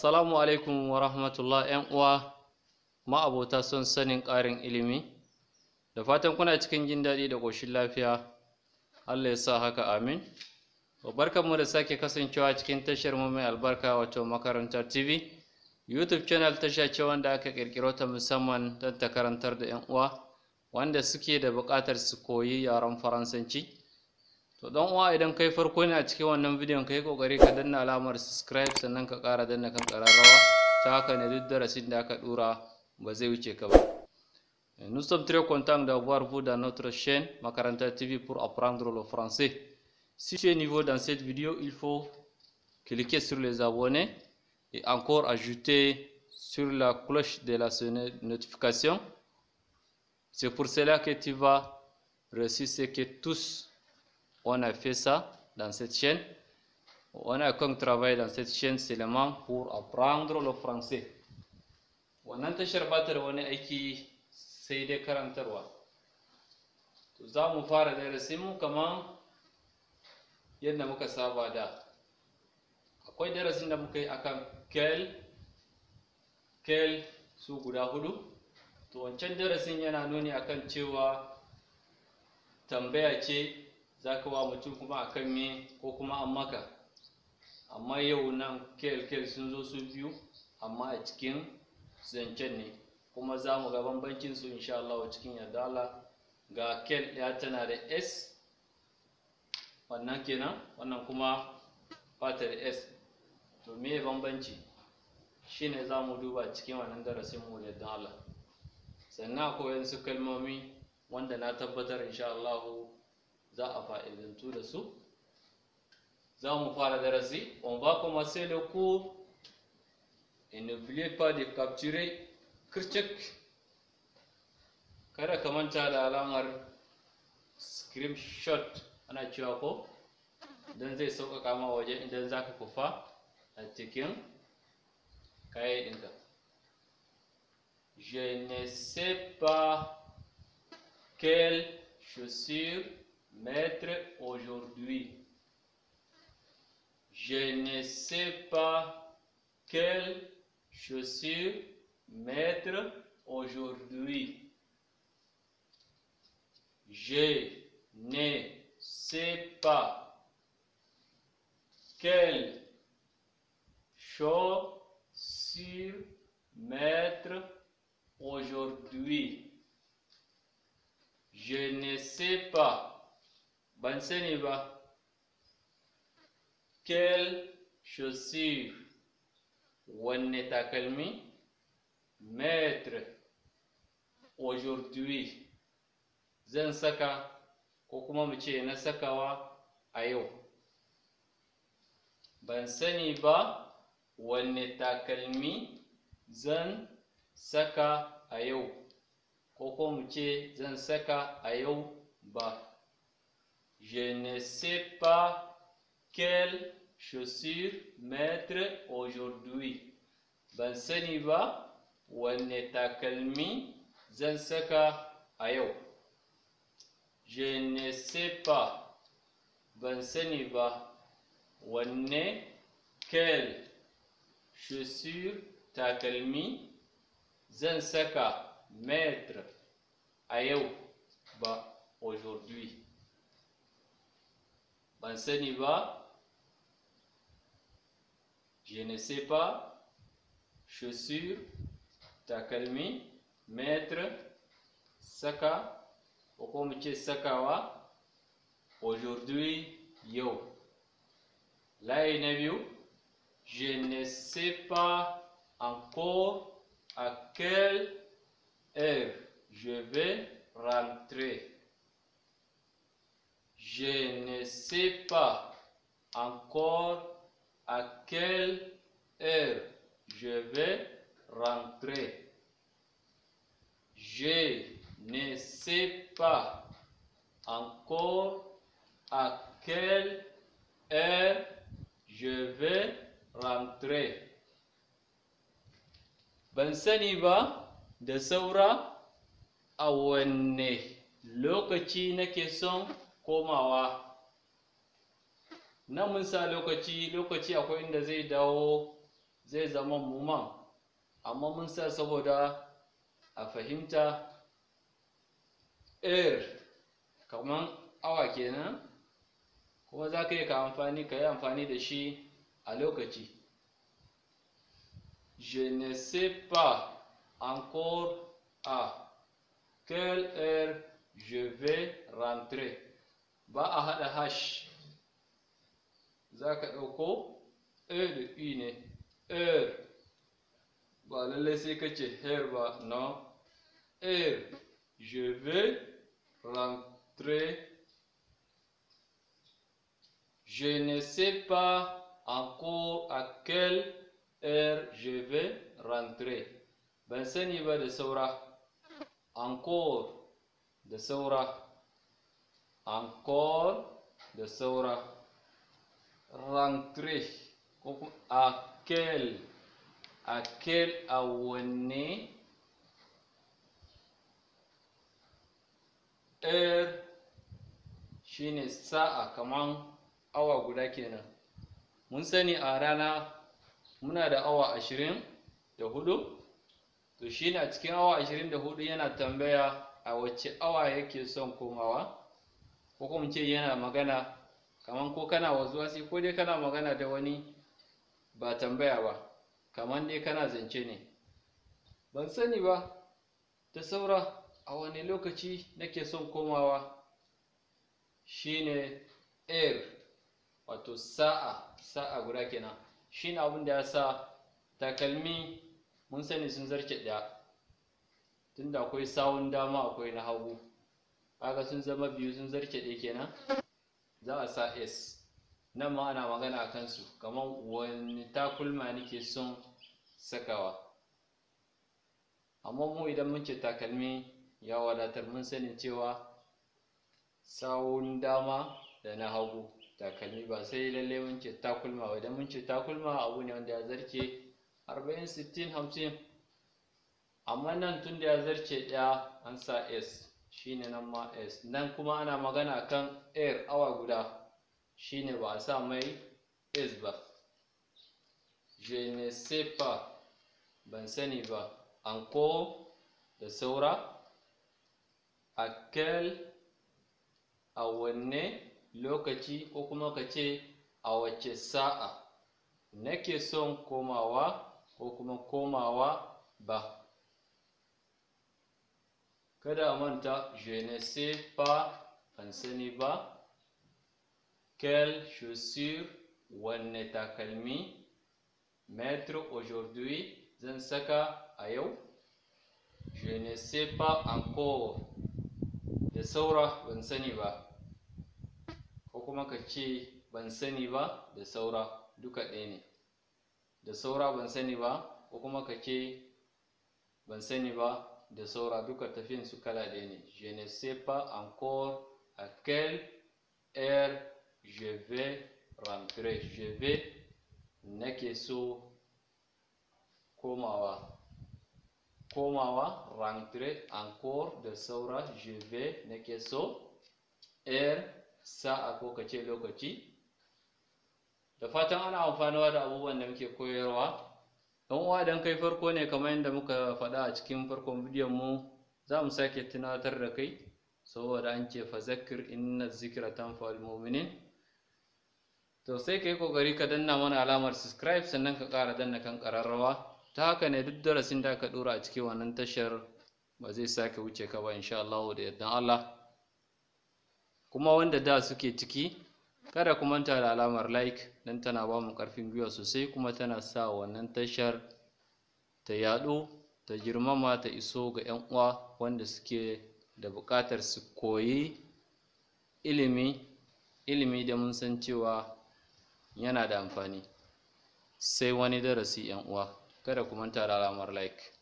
assalamu alaikum wa rahmatullah yan uwa ma'abota son sanin ƙarin ilimi da fatan kuna cikin jin daɗi da ƙoshin lafiya allah ya sa haka amin barkan mu da sake kasancewa cikin tashar mu mai albarka wato makarantar tv youtube channel tasha ce wanda aka ƙirƙiro ta musamman don ta karantar da yan uwa wanda suke da buƙatar su koyi yaren faransanci Nous sommes très contents d'avoir vous dans notre chaîne Macaranta TV pour apprendre le français. Si tu es nouveau dans cette vidéo, il faut cliquer sur les abonnés et encore ajouter sur la cloche de la notification. C'est pour cela que tu vas réussir ce que tous On a fait ça dans cette chaîne. On a comme travail dans cette chaîne seulement pour apprendre le français. Wannan tashar ba da wani aiki sai dai karantarwa. To za mu fara darasinmu kamar yadda muka saba da. Akwai darasin da muka yi akan kel, kel su guda hudu. To wancan darasin yana nuni akan cewa tambaya ce za ka wa mutum kuma a kan me ko kuma an maka amma yau nan kel-kel sun zo su biyu amma a cikin zancen ne kuma za mu ga bambancin su insha Allah cikin yadda ga kel ya tana da s wannan kenan wannan kuma fatar s to me bambanci shine za mu duba cikin wannan darasin mu da Allah sannan akwai wasu kalmomi wanda na tabbatar insha Allah za a fa'idantu da su za mu fara darasi on va commencer le cours et n'oubliez pas de kirchik kada ka manta da alamar screenshot ana cewa ko don zai sauƙaƙa ma waje idan za ka kufa a cikin kayan ɗinka je ne sais pas chaussure Maître, aujourd'hui, je ne sais pas quelle chaussure maître aujourd'hui. Je ne sais pas quelle chaussure maître aujourd'hui. Je ne sais pas ban sani ba kel chaussure wanne takalmi mettre aujourd'hui zan saka ko kuma mu ce na sakawa a yau ban sani ba wanne takalmi zan saka a yau ko kuma mu ce zan saka a yau ba Je ne sais pas quelles chaussure mettre aujourd'hui. Ban On ba wanne takalmi saka Je ne sais pas. Ban sani quelle chaussure takalmi zan mettre ben, aujourd'hui va? je ne sais pas, chaussure, takalmi, maître, saka, au comité sakawa, aujourd'hui, yo. Là, je ne sais pas encore à quelle heure je vais rentrer. Je ne sais pas encore à quelle heure je vais rentrer. Je ne sais pas encore à quelle heure je vais rentrer. ben sani va de saura a lokaci komawa nan mun sa lokaci lokaci akwai inda zai dawo zai zama muman amma mun sa saboda a fahimta air kaman awa kenan kuma za ka yi ka amfani ka yi amfani da shi a lokaci je ne sais pas encore à ah, quelle heure je vais rentrer ba a haɗa hash za ka ɗauko e er da i ne er ba lallai sai ka ce ba non er je vais rentrer je ne sais pas encore à quelle heure je vais rentrer ben ban ni ba da saura encore da saura encore da saura rentrer ko kuma a quel a quel a wanne sa'a kaman awa guda kenan mun sani a rana muna da awa ashirin da hudu to shine a cikin awa ashirin da hudu yana tambaya a wacce awa yake son komawa ko kuma ce yana magana kaman ko kana sai ko dai kana magana da wani ba tambaya ba kaman dai kana zance ne ban sani ba ta saura a wani lokaci nake son komawa shine air wato sa'a sa'a guda kenan shine abin da ya sa takalmi mun sani sun zarce ɗaya tunda akwai sawun dama akwai na hagu kaga sun zama biyu sun zarce ɗaya kenan za a sa s nan ma ana magana a kansu kamar wani takulma nake son sakawa amma mu idan mun ce takalmi ya wadatar mun sanin cewa sawun dama da na hagu takalmi ba sai lalle mun ce takulma ba idan mun ce takulma abu ne wanda ya zarce 40 60 50 amma nan tun da ya zarce ɗaya an sa s shine nan ma s nan kuma ana magana kan air awa guda shine ba a sa mai s ba je ne se ban sani ba ko da saura a kel a wanne lokaci ko kuma ka ce a wace sa'a nake son komawa ko kuma komawa ba kada a manta je ne sais pas ban sani ba quelle chaussure wanne takalmi mettre aujourd'hui zan saka a yau je ne sais pas encore da saura ban sani ba ko kuma ka ce ban sani ba da saura duka ɗaya ne da saura ban sani ba ko kuma ka ce ban sani ba da saura duka tafiyan su kala ɗaya ne je ne sais pas encore à quelle heure je vais rentrer je vais nake so komawa komawa rentrer encore da saura je vais nake so air sa'a ko kace lokaci da fatan ana amfanawa da abubuwan da muke koyarwa dan uwa idan kai farko ne kamar yadda muka faɗa a cikin farkon bidiyon mu za mu sake tunatar da kai saboda an ce fazakir inna zikra tanfa'ul mu'minin to sai kai kokari ka danna mana alamar subscribe sannan ka ƙara danna kan ƙararrawa ta haka ne duk darasin da aka dora a cikin wannan tashar ba zai sake wuce ka ba insha Allah da yardan Allah kuma wanda da suke ciki kada kuma manta da alamar like don tana ba mu ƙarfin gwiwa sosai kuma tana sa wannan tashar ta yaɗo ta girmama ta iso ga 'yan uwa wanda suke da buƙatar su koyi ilimi ilimi da mun san cewa yana da amfani sai wani darasi 'yan uwa kada kuma manta da alamar like